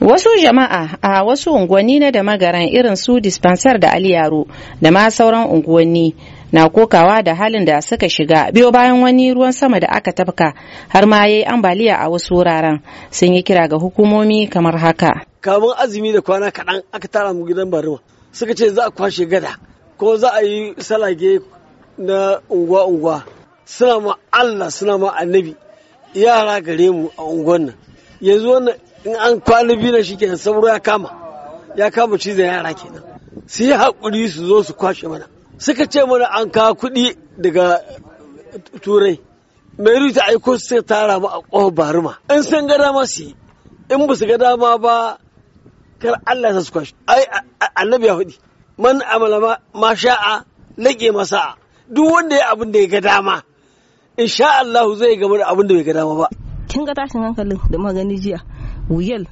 Wasu jama'a a wasu unguwanni na da magaran irin su dispensar da aliyaro da ma sauran unguwanni na kokawa da halin da suka shiga biyo bayan wani ruwan sama da aka tafka har ma yayi ambaliya a wasu wuraren sun yi kira ga hukumomi kamar haka. Kamun azumi da kwana kaɗan aka tara mu gidan barima suka ce za a kwashe gada ko za a yi salage na unguwa-unguwa suna ma Allah suna ma annabi yara gare mu a unguwan nan yanzu wannan in an kwana biyu na shi kenan sauro ya kama ya kama cizon yara kenan su yi haƙuri su zo su kwashe mana suka ce mana an kawo kuɗi daga turai mai ta aiko su sai tara mu a ƙofar baruma in sun ga dama yi in ba su ga dama ba kar Allah ya su kwashe ai annabi ya faɗi man amala ma sha'a lage masa duk wanda ya abin da ya ga dama insha Allah zai gama da abin da bai ga dama ba kin ga tashin hankalin da magani jiya wuyel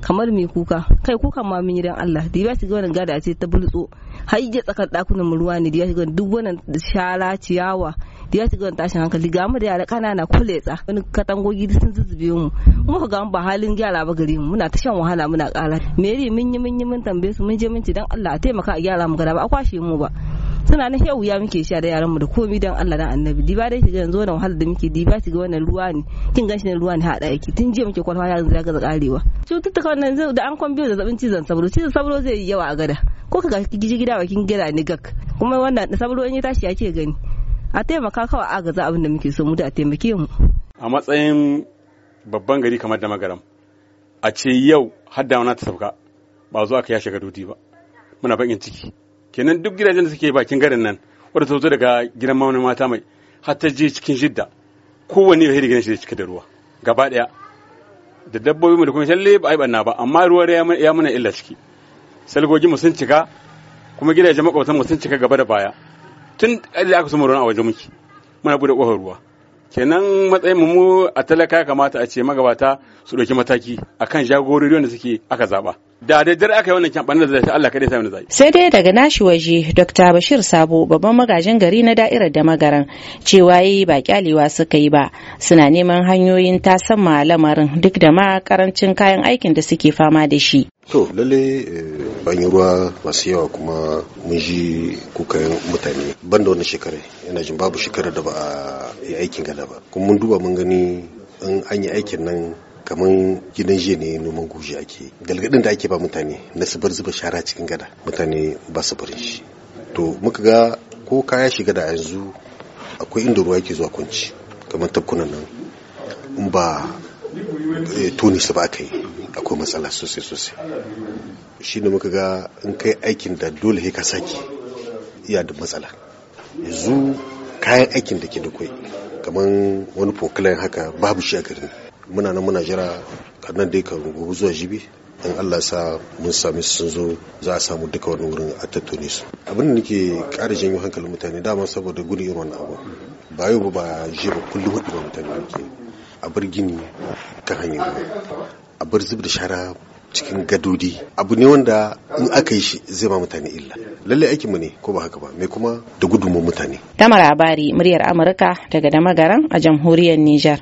kamar mai kuka kai kuka ma mun Allah da ya shiga wannan gada ce ta bulutso har yi tsakar dakunan ruwa ne da ya shiga duk wannan shara ciyawa da ya shiga wannan tashin hankali ga mu da yara kanana kuletsa wani katangogi sun zuzube mu muka ga ba halin gyara ba gare mu muna ta shan wahala muna kara meri mun yi mun yi mun tambaye su mun je mun ci dan Allah a taimaka a gyara mu gada ba a kwashe mu ba suna na hewu ya muke sha da yaran mu da komi dan Allah dan annabi diba dai ki yanzu wannan wahalar da muke diba ki ga wannan ruwa ne kin ganshi ne ruwa ne hada yake tun jiya muke kwalfa yaran zaka ga karewa cututtuka wannan zai da an kon biyo zabin cizon sabro cizon sabro zai yi yawa a gada ko ka ga gije gida bakin gida ne gak kuma wannan sabro in ya tashi yake gani a taimaka kawai a gaza abin da muke so mu da a taimake mu a matsayin babban gari kamar da magaram a ce yau hadda damana ta sauka ba zuwa ka ya shiga dodi ba muna bakin ciki kenan duk gidajen da suke bakin garin nan wanda zo daga gidan mauna mata mai har ta je cikin jidda kowanne ya hiri gidan shi da cike da ruwa gaba daya da dabbobi mu da kuma shalle ba ai banna ba amma ruwa ya muna illa ciki salgogi mu sun cika kuma gidajen makwabtan mu sun cika gaba da baya tun da aka samu ruwa a wajen muke muna bude kofar ruwa kenan matsayin mu a talaka kamata a ce magabata su ɗauki mataki akan jagorori wanda suke aka zaba da daidai aka yi wannan kyamfanin da zai Allah kadai sami zai. Sai dai daga nashi waje Dr. Bashir Sabo babban magajin gari na da'irar da magaran cewa yi ba kyalewa suka yi ba suna neman hanyoyin tasan lamarin duk da ma karancin kayan aikin da suke fama da shi. To lalle eh, an ruwa masu yawa kuma mun ji kukan mutane ban da wani shekarar yana jin babu shekarar da ba a yi aikin gada ba kuma mun duba mun gani in an yi aikin nan kamar gidan jiya ne noman guji ake galgadin da ake ba mutane na sabar zuba shara cikin gada mutane ba su barin shi to muka ga ko kaya shiga da yanzu akwai inda ruwa yake zuwa kunci kamar tafkunan nan in ba eh, tunis ba aka yi akwai matsala sosai sosai shi ne muka ga in kai aikin da dole ka saki iya da matsala yanzu kayan aikin da ke da kwai kamar wani fokilan haka babu shi a garin muna nan muna jira da dai ka gobe zuwa jibi in Allah sa mun sami sun zo za a samu duka wani wurin a tattone su abin da nake kara janyo hankalin mutane dama saboda guni irin wannan abu ba yau ba ba ba kullum hudu ba mutane ke a birgini kan hanyar a bar zub da shara cikin gadodi abu ne wanda in aka yi shi zai ma mutane illa lallai aikin mu ne ko ba haka ba mai kuma da gudunmu mutane tamar abari muryar amurka daga damagaran a jamhuriyar niger